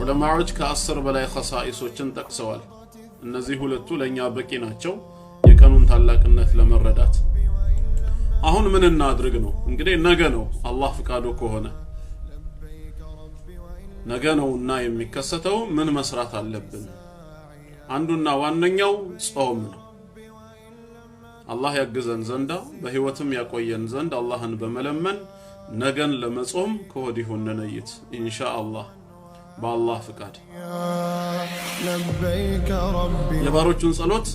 ዑለማዎች ከአስር በላይ ኸሳኢሶችን ጠቅሰዋል። እነዚህ ሁለቱ ለእኛ በቂ ናቸው የቀኑን ታላቅነት ለመረዳት። አሁን ምን እናድርግ ነው እንግዲህ። ነገ ነው አላህ ፍቃዱ ከሆነ ነገ ነውና የሚከሰተው ምን መስራት አለብን? አንዱና ዋነኛው ጾም ነው። አላህ ያግዘን ዘንዳ በህይወትም ያቆየን ዘንድ አላህን በመለመን ነገን ለመጾም ከወዲሁ እንነይት ኢንሻ አላህ በአላህ ፍቃድ። የባሮቹን ጸሎት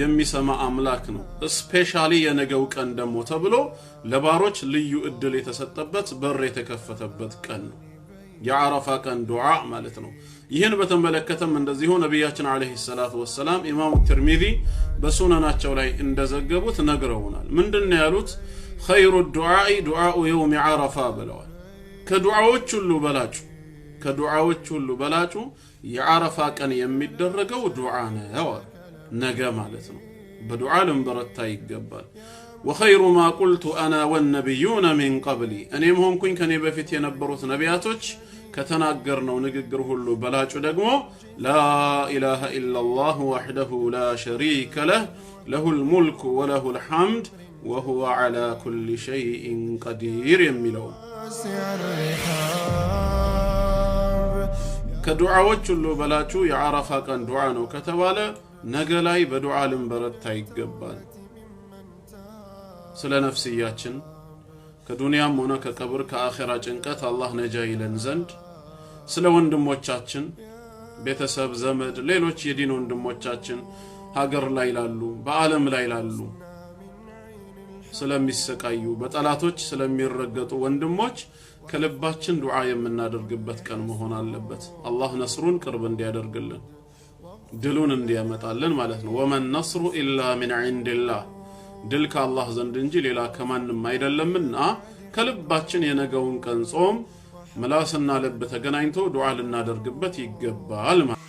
የሚሰማ አምላክ ነው። ስፔሻሊ የነገው ቀን ደግሞ ተብሎ ለባሮች ልዩ እድል የተሰጠበት በር የተከፈተበት ቀን ነው። የዓረፋ ቀን ዱዓ ማለት ነው። ይህን በተመለከተም እንደዚሁ ነቢያችን ዓለይሂ ሰላቱ ወሰላም ኢማሙ ትርሚዚ በሱነናቸው ላይ እንደዘገቡት ነግረውናል። ምንድን ያሉት? ኸይሩ ዱዓኢ ዱዓኡ የውም ዓረፋ ብለዋል። ከዱዓዎች ሁሉ በላጩ ከዱዓዎች ሁሉ በላጩ የዓረፋ ቀን የሚደረገው ዱዓ ነው፣ ነገ ማለት ነው። በዱዓ ልንበረታ ይገባል። ወኸይሩ ማ ቁልቱ አና ወነቢዩነ ሚን ቀብሊ፣ እኔም ሆንኩኝ ከኔ በፊት የነበሩት ነቢያቶች ከተናገርነው ንግግር ሁሉ በላጩ ደግሞ ላኢላሃ ኢላሃ ኢለላህ ወሕደሁ ላ ሸሪከ ለህ ለሁል ሙልኩ ወለሁል ሐምድ ወሁወ ዓላ ኩሊ ሸይኢን ቀዲር የሚለው ከዱዓዎች ሁሉ በላጩ የአረፋ ቀን ዱዓ ነው ከተባለ ነገ ላይ በዱዓ ልንበረታ ይገባል። ስለ ነፍስያችን ከዱንያም ሆነ ከቀብር ከአኼራ ጭንቀት አላህ ነጃ ይለን ዘንድ ስለ ወንድሞቻችን ቤተሰብ፣ ዘመድ፣ ሌሎች የዲን ወንድሞቻችን ሀገር ላይ ላሉ፣ በዓለም ላይ ላሉ ስለሚሰቃዩ በጠላቶች ስለሚረገጡ ወንድሞች ከልባችን ዱዓ የምናደርግበት ቀን መሆን አለበት። አላህ ነስሩን ቅርብ እንዲያደርግልን ድሉን እንዲያመጣልን ማለት ነው። ወመን ነስሩ ኢላ ሚን ዒንድላህ፣ ድል ከአላህ ዘንድ እንጂ ሌላ ከማንም አይደለምና ከልባችን የነገውን ቀን ጾም ምላስና ልብ ተገናኝቶ ዱዓ ልናደርግበት ይገባል ማለት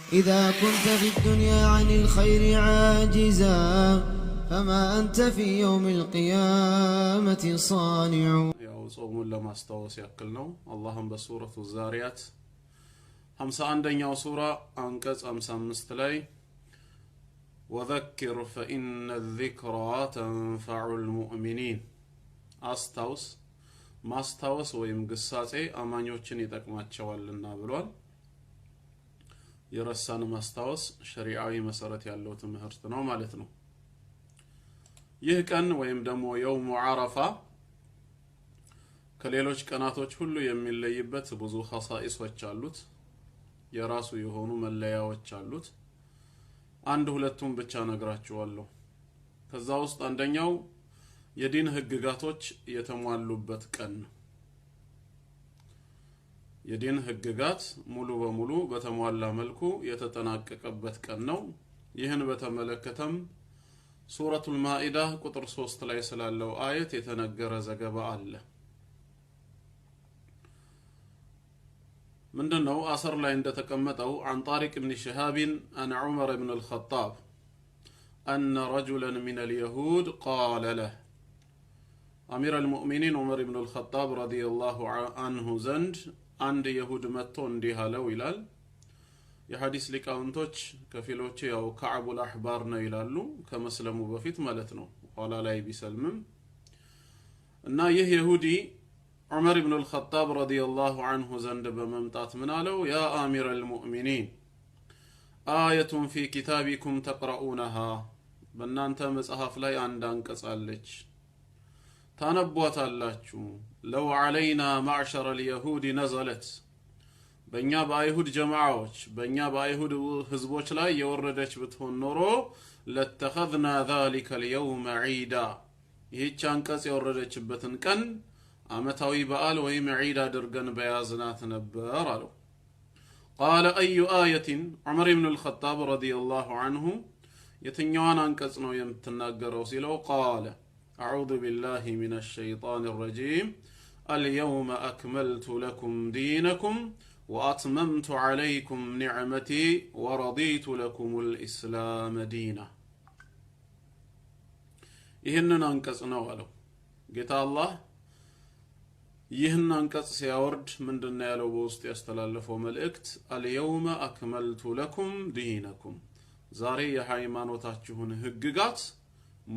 فما أنت في يوم القيامة صانع ያው ጾሙን ለማስታወስ ያክል ነው። አላህም በሱረቱ ዛሪያት 51ኛው ሱራ አንቀጽ 55 ላይ ወዘኪር ፈኢነ ዚክራ ተንፈዑ ልሙእሚኒን ማስታወስ ወይም ግሳጼ አማኞችን ይጠቅማቸዋልና ብሏል። የረሳን ማስታወስ ሸሪአዊ መሰረት ያለው ትምህርት ነው ማለት ነው። ይህ ቀን ወይም ደግሞ የውሙ አረፋ ከሌሎች ቀናቶች ሁሉ የሚለይበት ብዙ ኸሳኢሶች አሉት። የራሱ የሆኑ መለያዎች አሉት። አንድ ሁለቱም ብቻ ነግራችኋለሁ። ከዛ ውስጥ አንደኛው የዲን ህግጋቶች የተሟሉበት ቀን ነው። የዲን ህግጋት ሙሉ በሙሉ በተሟላ መልኩ የተጠናቀቀበት ቀን ነው። ይህን በተመለከተም سورة المائدة قطر صوست ليس لالو آية يتنقر زقب الله من دنو أصر لعند تكمته عن طارق بن شهاب أن عمر بن الخطاب أن رجلا من اليهود قال له أمير المؤمنين عمر بن الخطاب رضي الله عنه زنج عند يهود متون دها لو إلال የሐዲስ ሊቃውንቶች ከፊሎቹ ያው ከዓቡል አሕባር ነው ይላሉ። ከመስለሙ በፊት ማለት ነው፣ ኋላ ላይ ቢሰልምም እና ይህ ይሁዲ ዑመር ብኑ ልኸጣብ ረዲየላሁ አንሁ ዘንድ በመምጣት ምን አለው? ያ አሚረ ልሙእሚኒን አየቱን ፊ ኪታቢኩም ተቅረኡነሃ፣ በእናንተ መጽሐፍ ላይ አንድ አንቀጽ አለች ታነቧታላችሁ። ለው ዓለይና ማዕሸረ ልየሁድ ነዘለት بنيا بايهود جماعوش بنيا بايهود هزبوش لا يوردش بتهون نورو لاتخذنا ذلك اليوم عيدا يهي چانكاس يوردش بتنكن امتاوي بقال ويم عيدا درقن بيازناتنا برالو قال أي آية عمر بن الخطاب رضي الله عنه يتنيوان انكسنو يمتناقر وسيلو قال أعوذ بالله من الشيطان الرجيم اليوم أكملت لكم دينكم وأتممت عليكم نعمتي ورضيت لكم الإسلام دينا ይህንን አንቀጽ ነው አለው ጌታ አላህ ይህን አንቀጽ ሲያወርድ ምንድን ያለው በውስጥ ያስተላለፈው መልእክት አልየውመ አክመልቱ ለኩም ዲነኩም ዛሬ የሃይማኖታችሁን ህግጋት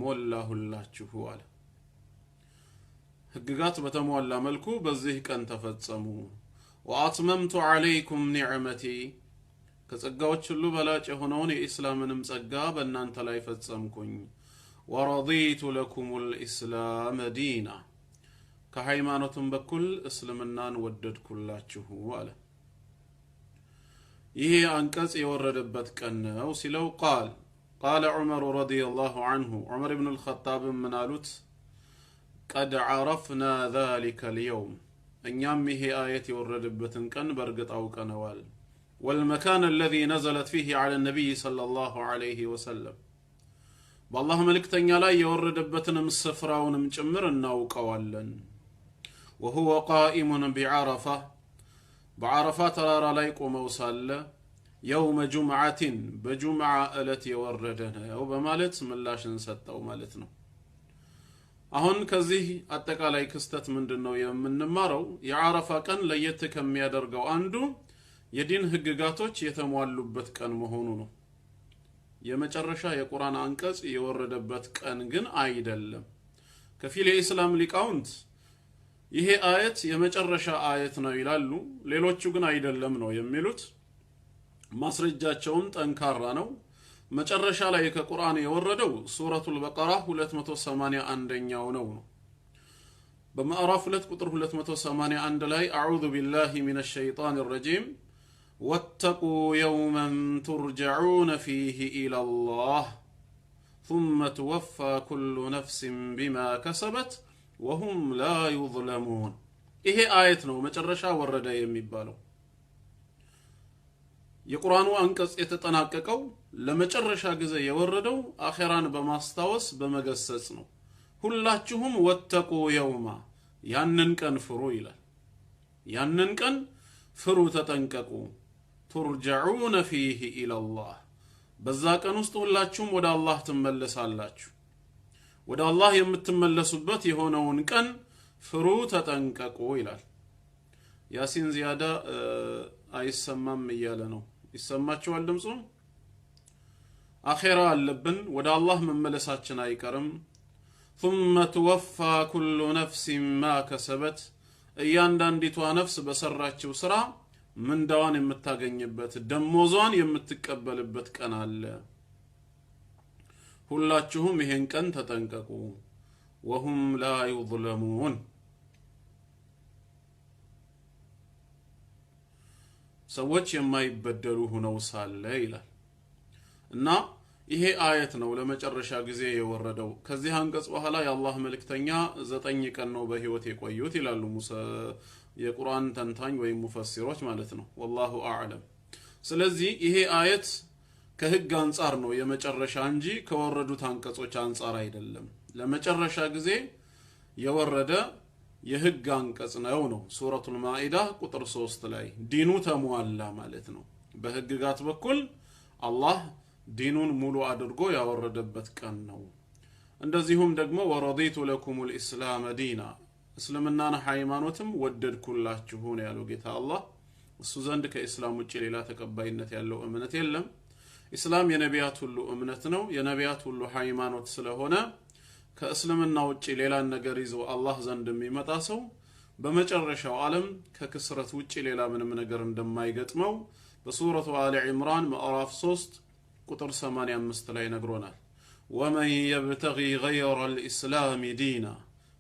ሞላሁላችሁ አለ ህግጋት በተሟላ መልኩ በዚህ ቀን ተፈጸሙ ወአትመምቱ ዓለይኩም ኒዕመቲ ከጸጋዎች ሁሉ በላጭ የሆነውን የኢስላምንም ጸጋ በእናንተ ላይ ፈጸምኩኝ። ወረዲቱ ለኩም ልኢስላም ዲና ከሃይማኖትም በኩል እስልምናን ወደድኩላችሁ አለ። ይህ አንቀጽ የወረደበት ቀን ነው ሲለው ቃል ቃለ ዑመሩ ረዲየላሁ አንሁ ዑመር ብኑ ምን አሉት ቀድ ዓረፍና ዛሊከ ልየውም أنيام هي آية ورد بتنكن برقت أو كنوال والمكان الذي نزلت فيه على النبي صلى الله عليه وسلم بالله ملك تنيا لا يورد بتن مسفرا ونمجمر وهو قائم بعرفة بعرفة ترى عليك وموصل يوم جمعة بجمعة التي وردنا وبمالت ملاش نسد أو مالتنا አሁን ከዚህ አጠቃላይ ክስተት ምንድን ነው የምንማረው? የአረፋ ቀን ለየት ከሚያደርገው አንዱ የዲን ህግጋቶች የተሟሉበት ቀን መሆኑ ነው። የመጨረሻ የቁርአን አንቀጽ የወረደበት ቀን ግን አይደለም። ከፊል የኢስላም ሊቃውንት ይሄ አየት የመጨረሻ አየት ነው ይላሉ፣ ሌሎቹ ግን አይደለም ነው የሚሉት። ማስረጃቸውን ጠንካራ ነው። መጨረሻ ላይ ከቁርአን የወረደው ሱረቱል በቀራ 281ኛው ነው ነው በምዕራፍ 2 ቁጥር 281 ላይ አዑዙ ቢላሂ ሚነ ሸይጣን ረጂም واتقوا يوما ترجعون فيه إلى الله ثم توفى كل نفس بما كسبت وهم لا يظلمون ይሄ አየት ነው መጨረሻ ወረደ የሚባለው የቁርአኑ አንቀጽ የተጠናቀቀው ለመጨረሻ ጊዜ የወረደው አኼራን በማስታወስ በመገሰጽ ነው። ሁላችሁም ወተቁ የውማ ያንን ቀን ፍሩ ይላል። ያንን ቀን ፍሩ፣ ተጠንቀቁ። ቱርጀዑነ ፊህ ኢለላህ በዛ ቀን ውስጥ ሁላችሁም ወደ አላህ ትመለሳላችሁ። ወደ አላህ የምትመለሱበት የሆነውን ቀን ፍሩ፣ ተጠንቀቁ ይላል። ያሲን ዚያዳ አይሰማም እያለ ነው። ይሰማችኋል ድምፁ? አኼራ አለብን። ወደ አላህ መመለሳችን አይቀርም። ثم توفى ኩሉ ነፍሲ ما كسبت እያንዳንዲቷ ነፍስ በሰራችው ስራ ምንዳዋን የምታገኝበት ደሞዟን የምትቀበልበት ቀን አለ። ሁላችሁም ይሄን ቀን ተጠንቀቁ። ወሁም ላ ዩዝለሙን ሰዎች የማይበደሉ ሁነው ሳለ ይላል እና ይሄ አየት ነው ለመጨረሻ ጊዜ የወረደው። ከዚህ አንቀጽ በኋላ የአላህ መልእክተኛ ዘጠኝ ቀን ነው በህይወት የቆዩት ይላሉ የቁርአን ተንታኝ ወይም ሙፈሲሮች ማለት ነው። ወላሁ አዕለም። ስለዚህ ይሄ አየት ከህግ አንጻር ነው የመጨረሻ እንጂ ከወረዱት አንቀጾች አንጻር አይደለም። ለመጨረሻ ጊዜ የወረደ የህግ አንቀጽ ነው ነው ሱረቱል ማኢዳ ቁጥር ሶስት ላይ ዲኑ ተሟላ ማለት ነው። በህግጋት በኩል አላህ ዲኑን ሙሉ አድርጎ ያወረደበት ቀን ነው። እንደዚሁም ደግሞ ወረዲቱ ለኩም ልእስላመ ዲና እስልምናን ሃይማኖትም ወደድኩላችሁን ነው ያለው ጌታ አላህ። እሱ ዘንድ ከእስላም ውጭ ሌላ ተቀባይነት ያለው እምነት የለም። እስላም የነቢያት ሁሉ እምነት ነው፣ የነቢያት ሁሉ ሃይማኖት ስለሆነ ከእስልምና ውጭ ሌላን ነገር ይዞ አላህ ዘንድ የሚመጣ ሰው በመጨረሻው ዓለም ከክስረት ውጭ ሌላ ምንም ነገር እንደማይገጥመው በሱረቱ አሊ ዒምራን ምዕራፍ 3 ቁጥር 85 ላይ ነግሮናል። ወመን የብተጊ ገይረ ልእስላም ዲና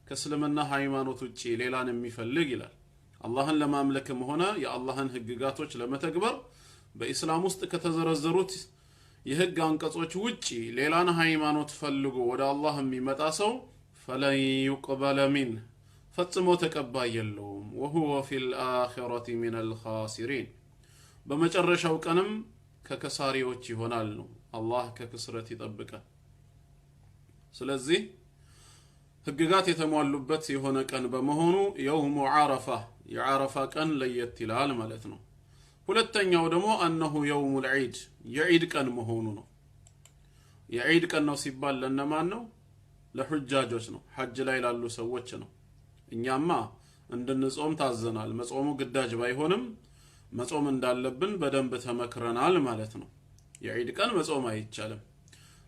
ከእስልምና ሃይማኖት ውጪ ሌላን የሚፈልግ ይላል። አላህን ለማምለክም ሆነ የአላህን ህግጋቶች ለመተግበር በኢስላም ውስጥ ከተዘረዘሩት የህግ አንቀጾች ውጪ ሌላን ሃይማኖት ፈልጎ ወደ አላህ የሚመጣ ሰው ፈለን ዩቅበለ ሚን ፈጽሞ ተቀባይ የለውም። ወሁወ ፊል አኺረቲ ሚነል ኻሲሪን በመጨረሻው ቀንም ከከሳሪዎች ይሆናል ነው። አላህ ከክስረት ይጠብቀን። ስለዚህ ህግጋት የተሟሉበት የሆነ ቀን በመሆኑ የውሙ ዓረፋ የዓረፋ ቀን ለየት ይላል ማለት ነው። ሁለተኛው ደግሞ አነሁ የውሙል ዒድ የዒድ ቀን መሆኑ ነው። የዒድ ቀን ነው ሲባል ለነማን ነው? ለሑጃጆች ነው፣ ሐጅ ላይ ላሉ ሰዎች ነው። እኛማ እንድንጾም ታዘናል። መጾሙ ግዳጅ ባይሆንም መጾም እንዳለብን በደንብ ተመክረናል ማለት ነው። የዒድ ቀን መጾም አይቻልም።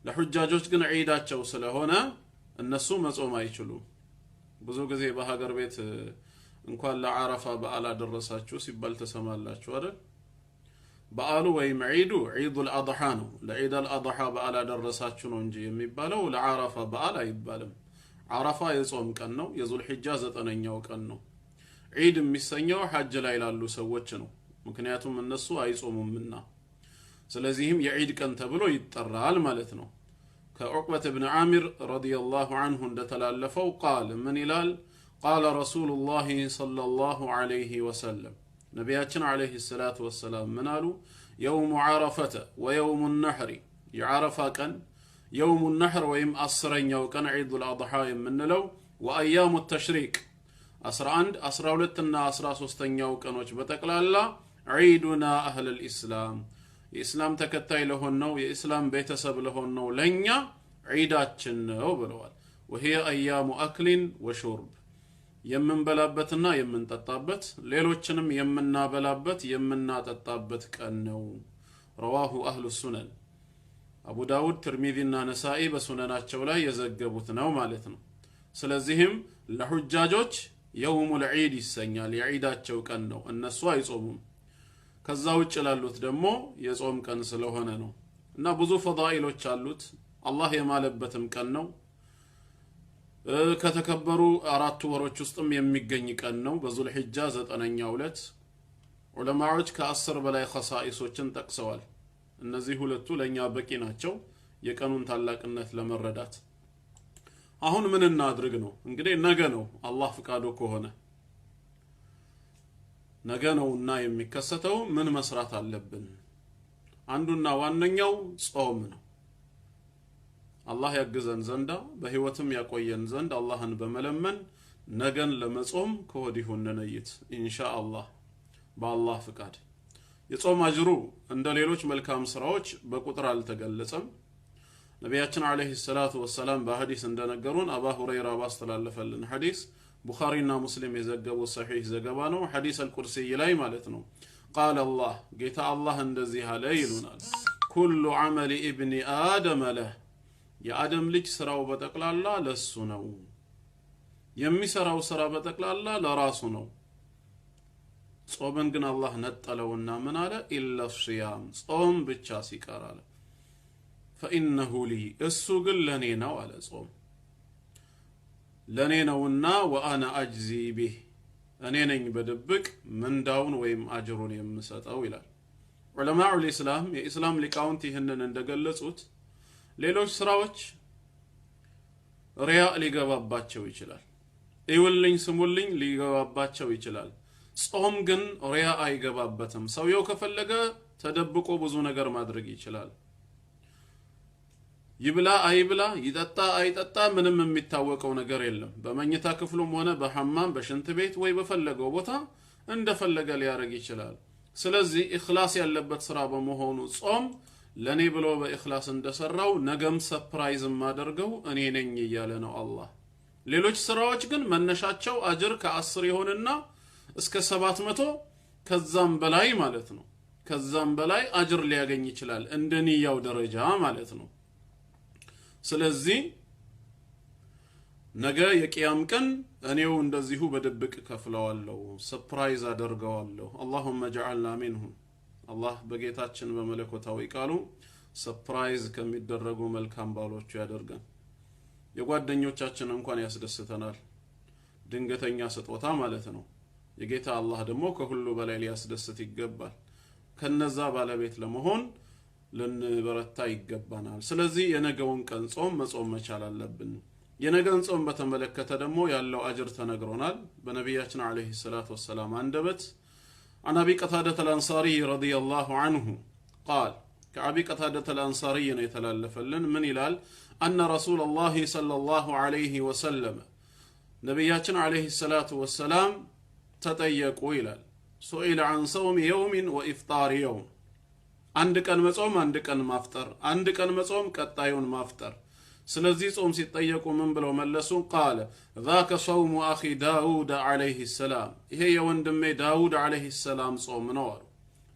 ለሑጃጆች ግን ዒዳቸው ስለሆነ እነሱ መጾም አይችሉም። ብዙ ጊዜ በሀገር ቤት እንኳን ለዓረፋ በዓል አደረሳችሁ ሲባል ተሰማላችሁ አይደል? በዓሉ ወይም ዒዱ ዒዱል አድሓ ነው። ለዒደል አድሓ በዓል አደረሳችሁ ነው እንጂ የሚባለው ለዓረፋ በዓል አይባልም። ዓረፋ የጾም ቀን ነው። የዙልሒጃ ዘጠነኛው ቀን ነው። ዒድ የሚሰኘው ሐጅ ላይ ላሉ ሰዎች ነው። ምክንያቱም እነሱ አይጾሙምና። ስለዚህም የዒድ ቀን ተብሎ ይጠራል ማለት ነው። ከዑቅበት ብን አሚር ረዲየላሁ አንሁ እንደተላለፈው ቃል ምን ይላል? ቃለ ረሱሉላሂ ሰለላሁ ዓለይሂ ወሰለም ነቢያችን ዓለይሂ ሰላቱ ወሰላም ምን አሉ? የውሙ ዓረፈተ ወየውሙ ነሕሪ የዓረፋ ቀን የውሙ ነሕር ወይም አስረኛው ቀን ዒዱል አድሓ የምንለው ወአያሙ ተሽሪቅ 11፣ 12 እና 13ኛው ቀኖች በጠቅላላ ዒዱና አህለል ኢስላም የእስላም ተከታይ ለሆን ነው የእስላም ቤተሰብ ለሆን ነው ለእኛ ዒዳችን ነው ብለዋል። ወሄ አያሙ አክሊን ወሾርብ የምንበላበትና የምንጠጣበት ሌሎችንም የምናበላበት የምናጠጣበት ቀን ነው። ረዋሁ አህሉ ሱነን አቡ ዳውድ ትርሚዚና ነሳኢ በሱነናቸው ላይ የዘገቡት ነው ማለት ነው። ስለዚህም ለሁጃጆች የውሙል ዒድ ይሰኛል። የዒዳቸው ቀን ነው። እነሱ አይጾሙም። ከዛ ውጭ ላሉት ደግሞ የጾም ቀን ስለሆነ ነው እና ብዙ ፈዳኢሎች አሉት። አላህ የማለበትም ቀን ነው። ከተከበሩ አራቱ ወሮች ውስጥም የሚገኝ ቀን ነው። በዙልሕጃ ዘጠነኛው ዕለት ዑለማዎች ከአስር በላይ ኸሳኢሶችን ጠቅሰዋል። እነዚህ ሁለቱ ለእኛ በቂ ናቸው የቀኑን ታላቅነት ለመረዳት። አሁን ምን እናድርግ ነው እንግዲህ ነገ ነው አላህ ፍቃዱ ከሆነ ነገ ነውና የሚከሰተው ምን መስራት አለብን? አንዱና ዋነኛው ጾም ነው። አላህ ያግዘን ዘንዳ በህይወትም ያቆየን ዘንድ አላህን በመለመን ነገን ለመጾም ከወዲሁ እንነይት ኢንሻ አላህ በአላህ ፍቃድ። የጾም አጅሩ እንደ ሌሎች መልካም ስራዎች በቁጥር አልተገለጸም። ነቢያችን አለይሂ ሰላቱ ወሰላም በሐዲስ እንደነገሩን አባ ሁረይራ ባስተላለፈልን ሐዲስ ቡኻሪና ሙስሊም የዘገቡት ሰሒህ ዘገባ ነው። ሐዲስ አልቁርሲይ ላይ ማለት ነው። ቃለ አላህ ጌታ አላህ እንደዚህ አለ ይሉናል። ኩሉ ዐመል ኢብኒ አደመ ለህ የአደም ልጅ ስራው በጠቅላላ ለሱ ነው። የሚሰራው ስራ በጠቅላላ ለራሱ ነው። ጾምን ግን አላህ ነጠለውና ምን አለ? ኢለ ሲያም ጾም ብቻ ሲቀር አለ። ፈኢነሁ ሊ እሱ ግን ለእኔ ነው አለ ጾም ለእኔ ነውና ወአነ አጅዚ ቢህ እኔ ነኝ በድብቅ ምንዳውን ወይም አጅሩን የምሰጠው ይላል። ዑለማኡል ኢስላም የኢስላም ሊቃውንት ይህንን እንደገለጹት ሌሎች ስራዎች ሪያ ሊገባባቸው ይችላል። እይውልኝ ስሙልኝ ሊገባባቸው ይችላል። ጾም ግን ሪያ አይገባበትም። ሰውየው ከፈለገ ተደብቆ ብዙ ነገር ማድረግ ይችላል። ይብላ አይብላ ይጠጣ አይጠጣ ምንም የሚታወቀው ነገር የለም። በመኝታ ክፍሉም ሆነ በሐማም በሽንት ቤት ወይ በፈለገው ቦታ እንደፈለገ ሊያደርግ ይችላል። ስለዚህ ኢኽላስ ያለበት ስራ በመሆኑ ጾም ለእኔ ብሎ በኢኽላስ እንደሰራው ነገም ሰፕራይዝ የማደርገው እኔ ነኝ እያለ ነው አላህ። ሌሎች ስራዎች ግን መነሻቸው አጅር ከአስር ይሆንና እስከ ሰባት መቶ ከዛም በላይ ማለት ነው። ከዛም በላይ አጅር ሊያገኝ ይችላል እንደ ንያው ደረጃ ማለት ነው። ስለዚህ ነገ የቅያም ቀን እኔው እንደዚሁ በድብቅ ከፍለዋለሁ፣ ሰፕራይዝ አደርገዋለሁ። አላሁመ ጀዐልና ሚንሁም። አላህ በጌታችን በመለኮታዊ ቃሉ ሰፕራይዝ ከሚደረጉ መልካም ባሎቹ ያደርገን። የጓደኞቻችን እንኳን ያስደስተናል፣ ድንገተኛ ስጦታ ማለት ነው። የጌታ አላህ ደግሞ ከሁሉ በላይ ሊያስደስት ይገባል። ከነዛ ባለቤት ለመሆን ልንበረታ ይገባናል። ስለዚህ የነገውን ቀን ጾም መጾም መቻል አለብን። የነገን ጾም በተመለከተ ደግሞ ያለው አጅር ተነግሮናል በነቢያችን ዓለይሂ ሰላቱ ወሰላም አንደበት። አን አቢ ቀታደተ ልአንሳሪ ረዲየላሁ አንሁ ቃል ከአቢ ቀታደተ ልአንሳሪ ነው የተላለፈልን። ምን ይላል? አነ ረሱለላሂ ሰለላሁ ዓለይሂ ወሰለመ ነቢያችን ዓለይሂ ሰላቱ ወሰላም ተጠየቁ ይላል። ሱኢለ ዐን ሰውሚ የውሚን ወኢፍጣሪ የውም አንድ ቀን መጾም፣ አንድ ቀን ማፍጠር፣ አንድ ቀን መጾም፣ ቀጣዩን ማፍጠር። ስለዚህ ጾም ሲጠየቁ ምን ብለው መለሱ? ቃለ ዛከ ሰውሙ አኺ ዳውድ ዓለይህ ሰላም፣ ይሄ የወንድሜ ዳውድ ዓለይህ ሰላም ጾም ነው አሉ።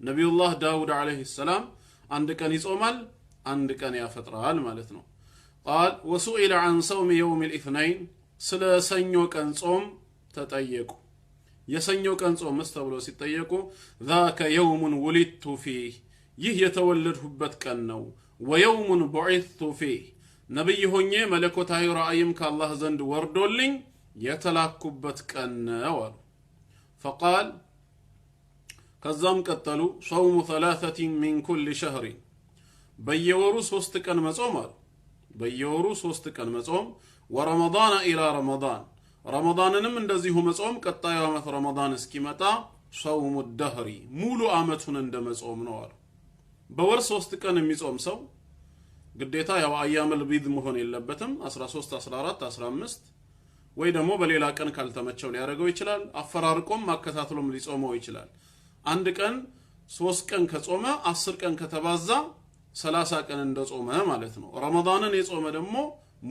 ነቢዩላህ ዳውድ ዓለይህ ሰላም አንድ ቀን ይጾማል፣ አንድ ቀን ያፈጥራል ማለት ነው። ቃል ወሱኢለ አን ሰውሚ የውም ልኢትነይን፣ ስለ ሰኞ ቀን ጾም ተጠየቁ። የሰኞ ቀን ጾምስ ተብሎ ሲጠየቁ ዛከ የውሙን ውሊድቱ ፊህ ይህ የተወለድሁበት ቀን ነው። ወየውሙን ቡዒቱ ፊህ ነቢይ ሆኜ መለኮታዊ ራእይም ከአላህ ዘንድ ወርዶልኝ የተላኩበት ቀን ነው አሉ። ፈቃል ከዛም ቀጠሉ ሰውሙ ሰላሰቲን ሚን ኩል ሸህሪን በየወሩ ሶስት ቀን መጾም አሉ። በየወሩ ሶስት ቀን መጾም ወረመዳን ኢላ ረመዳን ረመዳንንም እንደዚሁ መጾም ቀጣዩ ዓመት ረመዳን እስኪመጣ ሰውሙ ደህሪ ሙሉ ዓመቱን እንደ መጾም ነው አሉ። በወር ሶስት ቀን የሚጾም ሰው ግዴታ ያው አያመል ቢድ መሆን የለበትም 13፣ 14፣ 15 ወይ ደግሞ በሌላ ቀን ካልተመቸው ሊያደርገው ይችላል። አፈራርቆም ማከታትሎም ሊጾመው ይችላል። አንድ ቀን ሶስት ቀን ከጾመ አስር ቀን ከተባዛ ሰላሳ ቀን እንደጾመ ማለት ነው። ረመዳንን የጾመ ደግሞ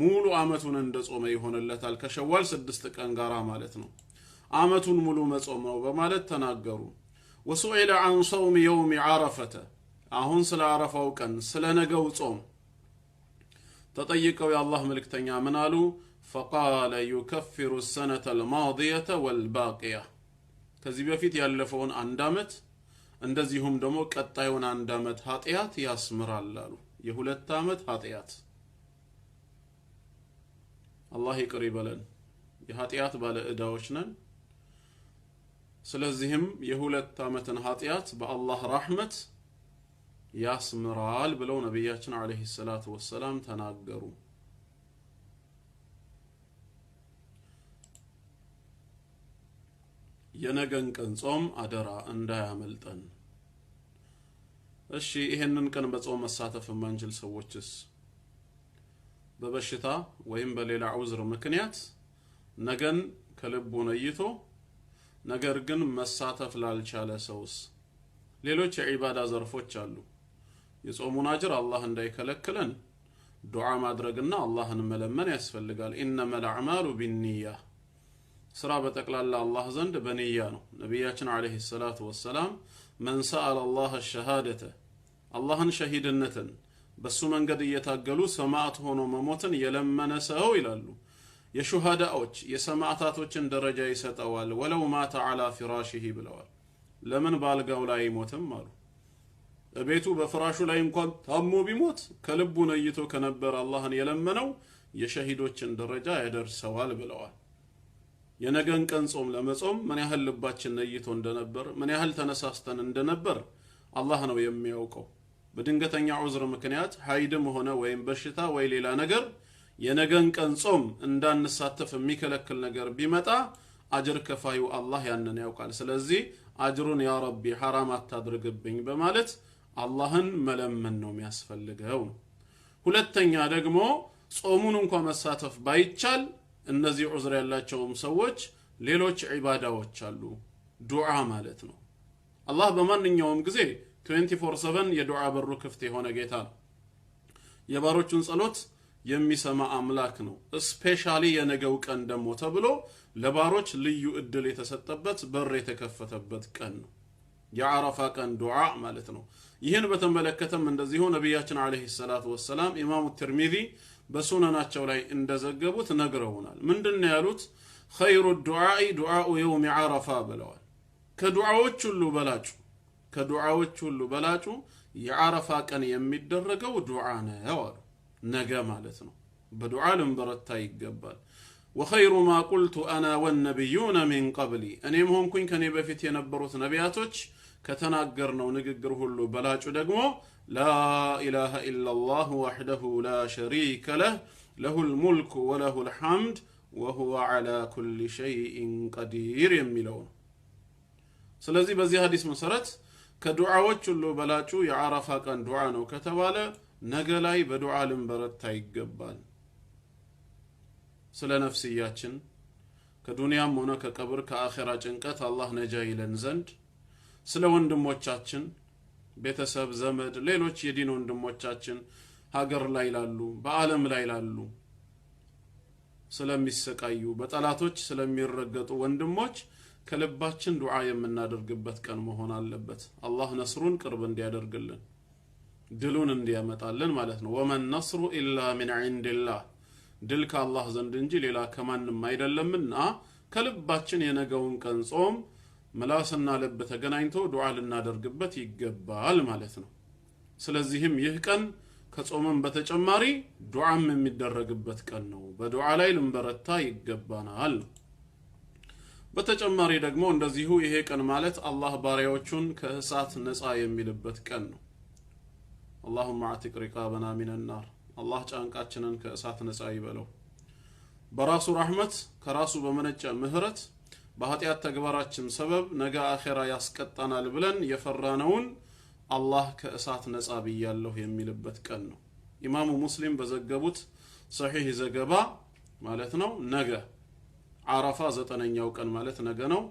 ሙሉ አመቱን እንደጾመ ይሆንለታል ከሸዋል ስድስት ቀን ጋራ ማለት ነው። አመቱን ሙሉ መጾመው በማለት ተናገሩ። ወሱኢለ አን ሰውሚ የውሚ ዓረፈተ አሁን ስለ አረፋው ቀን ስለ ነገው ጾም ተጠይቀው የአላህ መልእክተኛ ምን አሉ? ፈቃለ ዩከፊሩ ሰነተ ልማድየተ ወልባቅያ ከዚህ በፊት ያለፈውን አንድ ዓመት እንደዚሁም ደግሞ ቀጣዩን አንድ ዓመት ኃጢአት ያስምራል አሉ። የሁለት ዓመት ኃጢአት አላህ ይቅር ይበለን። የኃጢአት ባለ ዕዳዎች ነን። ስለዚህም የሁለት ዓመትን ኃጢአት በአላህ ራሕመት ያስምራል ብለው ነቢያችን አለይሂ ሰላቱ ወሰላም ተናገሩ። የነገን ቀን ጾም አደራ እንዳያመልጠን። እሺ ይሄንን ቀን በጾም መሳተፍ የማንችል ሰዎችስ በበሽታ ወይም በሌላ ዑዝር ምክንያት ነገን ከልቡ ነይቶ ነገር ግን መሳተፍ ላልቻለ ሰውስ ሌሎች የዒባዳ ዘርፎች አሉ። የጾሙን አጅር አላህ እንዳይከለክለን ዱዓ ማድረግና አላህን መለመን ያስፈልጋል። ኢነመ አዕማሉ ቢንያ ስራ በጠቅላላ አላህ ዘንድ በንያ ነው። ነቢያችን ዓለይሂ ሰላቱ ወሰላም መን ሰአለ አላህ ሸሃደተ አላህን ሸሂድነትን በሱ መንገድ እየታገሉ ሰማዕት ሆኖ መሞትን የለመነ ሰው ይላሉ የሹሃዳዎች የሰማዕታቶችን ደረጃ ይሰጠዋል። ወለው ማተ ዓላ ፊራሽሂ ብለዋል። ለምን በአልጋው ላይ አይሞትም አሉ። በቤቱ በፍራሹ ላይ እንኳን ታሞ ቢሞት ከልቡ ነይቶ ከነበረ አላህን የለመነው የሸሂዶችን ደረጃ ያደርሰዋል ብለዋል። የነገን ቀን ጾም ለመጾም ምን ያህል ልባችን ነይቶ እንደነበር፣ ምን ያህል ተነሳስተን እንደነበር አላህ ነው የሚያውቀው። በድንገተኛ ዑዝር ምክንያት ሀይድም ሆነ ወይም በሽታ ወይ ሌላ ነገር የነገን ቀን ጾም እንዳንሳተፍ የሚከለክል ነገር ቢመጣ አጅር ከፋዩ አላህ ያንን ያውቃል። ስለዚህ አጅሩን ያ ረቢ ሐራም አታድርግብኝ በማለት አላህን መለመን ነው የሚያስፈልገው። ሁለተኛ ደግሞ ጾሙን እንኳ መሳተፍ ባይቻል እነዚህ ዑዝር ያላቸውም ሰዎች ሌሎች ዒባዳዎች አሉ። ዱዓ ማለት ነው። አላህ በማንኛውም ጊዜ 24/7 የዱዓ በሩ ክፍት የሆነ ጌታ ነው። የባሮቹን ጸሎት የሚሰማ አምላክ ነው። ስፔሻሊ የነገው ቀን ደግሞ ተብሎ ለባሮች ልዩ እድል የተሰጠበት በር የተከፈተበት ቀን ነው። يا يعرف كان دعاء مالتنا يهن بتملكت من دزيه نبياتنا عليه الصلاة والسلام إمام الترمذي بسونا ناتشو لي إن دزقبوت نقرونا من دنيالوت خير الدعاء دعاء يوم عرفة بلوال كدعاء كله بلاج كدعاء كله يا يعرف كان يمد الدرجة ودعانا يوال نجا مالتنا بدعاء لمبرت تاي قبل وخير ما قلت أنا والنبيون من قبلي أنا مهم كن كان يبفيت ينبروت نبياتوش ከተናገርነው ንግግር ሁሉ በላጩ ደግሞ ላኢላሃ ኢለላህ ወሕደሁ ላ ሸሪከ ለህ ለሁል ሙልክ ወለሁል ሐምድ ወሁወ ዐላ ኩል ሸይኢን ቀዲር የሚለው ነው። ስለዚህ በዚህ ሀዲስ መሰረት ከዱዓዎች ሁሉ በላጩ የአረፋ ቀን ዱዓ ነው ከተባለ ነገ ላይ በዱዓ ልንበረታ ይገባል። ስለ ነፍስያችን ከዱንያም ሆነ ከቀብር ከአኼራ ጭንቀት አላህ ነጃ ይለን ዘንድ ስለ ወንድሞቻችን ቤተሰብ፣ ዘመድ፣ ሌሎች የዲን ወንድሞቻችን ሀገር ላይ ላሉ፣ በዓለም ላይ ላሉ ስለሚሰቃዩ፣ በጠላቶች ስለሚረገጡ ወንድሞች ከልባችን ዱዓ የምናደርግበት ቀን መሆን አለበት። አላህ ነስሩን ቅርብ እንዲያደርግልን ድሉን እንዲያመጣልን ማለት ነው። ወመን ነስሩ ኢላ ሚን ዒንዲላህ ድል ከአላህ ዘንድ እንጂ ሌላ ከማንም አይደለምና ከልባችን የነገውን ቀን ጾም ምላስና ልብ ተገናኝቶ ዱዓ ልናደርግበት ይገባል ማለት ነው። ስለዚህም ይህ ቀን ከጾምም በተጨማሪ ዱዓም የሚደረግበት ቀን ነው። በዱዓ ላይ ልንበረታ ይገባናል። በተጨማሪ ደግሞ እንደዚሁ ይሄ ቀን ማለት አላህ ባሪያዎቹን ከእሳት ነፃ የሚልበት ቀን ነው። አላሁመ አዕቲቅ ሪቃበና ሚነናር፣ አላህ ጫንቃችንን ከእሳት ነፃ ይበለው። በራሱ ረሕመት ከራሱ በመነጨ ምህረት በኃጢአት ተግባራችን ሰበብ ነገ አኼራ ያስቀጣናል ብለን የፈራነውን አላህ ከእሳት ነጻ ብያለሁ የሚልበት ቀን ነው። ኢማሙ ሙስሊም በዘገቡት ሰሒህ ዘገባ ማለት ነው ነገ አረፋ ዘጠነኛው ቀን ማለት ነገ ነው።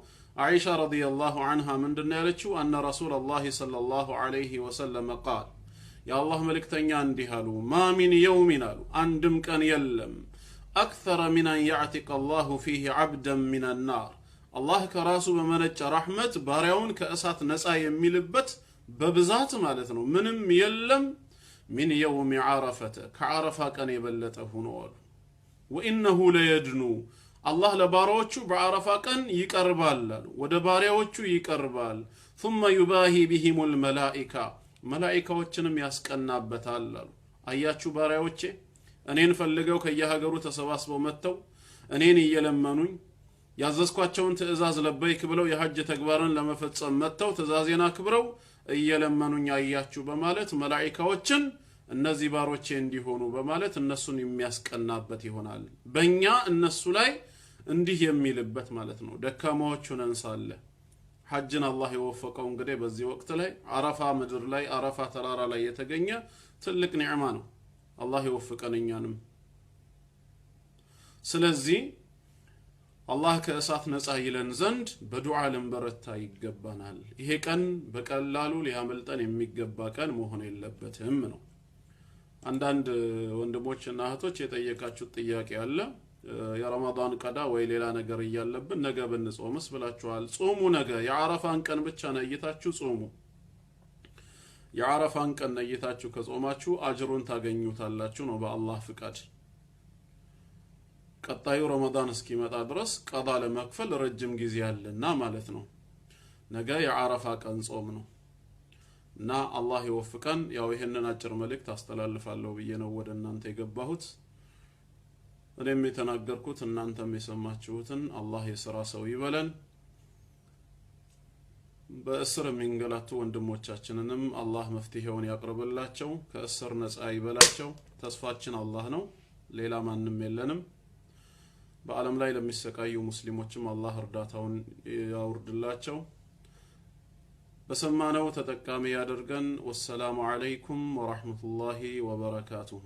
አይሻ ረዲየላሁ አንሃ ምንድን ያለችው? አነ ረሱለላሂ ሰለላሁ ዐለይሂ ወሰለም ቃል የአላህ መልእክተኛ እንዲህ አሉ። ማ ሚን የውሚን አሉ አንድም ቀን የለም አክተረ ሚን አን ያዕቲቀ አላሁ ፊህ ዓብደን ሚን ናር አላህ ከራሱ በመነጨ ራህመት ባሪያውን ከእሳት ነፃ የሚልበት በብዛት ማለት ነው። ምንም የለም ሚን የውሚ ዓረፈተ ከዓረፋ ቀን የበለጠ ሁኖ አሉ። ወኢነሁ ለየድኑ አላህ ለባሪያዎቹ በዓረፋ ቀን ይቀርባል አሉ። ወደ ባሪያዎቹ ይቀርባል። ሱመ ዩባሂ ቢሂሙል መላኢካ መላኢካዎችንም ያስቀናበታል አሉ። አያችሁ ባሪያዎቼ እኔን ፈልገው ከየሀገሩ ተሰባስበው መጥተው እኔን እየለመኑኝ ያዘዝኳቸውን ትእዛዝ ለበይክ ብለው የሐጅ ተግባርን ለመፈጸም መጥተው ትእዛዜን አክብረው እየለመኑኝ አያችሁ በማለት መላኢካዎችን እነዚህ ባሮቼ እንዲሆኑ በማለት እነሱን የሚያስቀናበት ይሆናል። በእኛ እነሱ ላይ እንዲህ የሚልበት ማለት ነው። ደካማዎች ሆነን ሳለ ሐጅን አላህ የወፈቀው እንግዲህ በዚህ ወቅት ላይ አረፋ ምድር ላይ አረፋ ተራራ ላይ የተገኘ ትልቅ ኒዕማ ነው። አላህ የወፍቀን እኛንም። ስለዚህ አላህ ከእሳት ነጻ ይለን ዘንድ በዱዓ ልንበረታ ይገባናል። ይሄ ቀን በቀላሉ ሊያመልጠን የሚገባ ቀን መሆን የለበትም ነው። አንዳንድ ወንድሞችና እህቶች የጠየቃችሁት ጥያቄ አለ። የረመዳን ቀዳ ወይ ሌላ ነገር እያለብን ነገ ብንጾምስ ብላችኋል። ጾሙ ነገ የአረፋን ቀን ብቻ ነይታችሁ ጾሙ። የአረፋን ቀን ነይታችሁ ከጾማችሁ አጅሩን ታገኙታላችሁ ነው በአላህ ፍቃድ። ቀጣዩ ረመዳን እስኪመጣ ድረስ ቀዳ ለመክፈል ረጅም ጊዜ አለና ማለት ነው። ነገ የአረፋ ቀን ጾም ነው እና አላህ ይወፍቀን። ያው ይህንን አጭር መልእክት አስተላልፋለሁ ብዬ ነው ወደ እናንተ የገባሁት። እኔም የተናገርኩት እናንተም የሰማችሁትን አላህ የስራ ሰው ይበለን። በእስር የሚንገላቱ ወንድሞቻችንንም አላህ መፍትሄውን ያቅርብላቸው፣ ከእስር ነፃ ይበላቸው። ተስፋችን አላህ ነው፣ ሌላ ማንም የለንም። በዓለም ላይ ለሚሰቃዩ ሙስሊሞችም አላህ እርዳታውን ያውርድላቸው። በሰማነው ተጠቃሚ ያደርገን። ወሰላሙ አለይኩም ወራህመቱላሂ ወበረካቱሁ።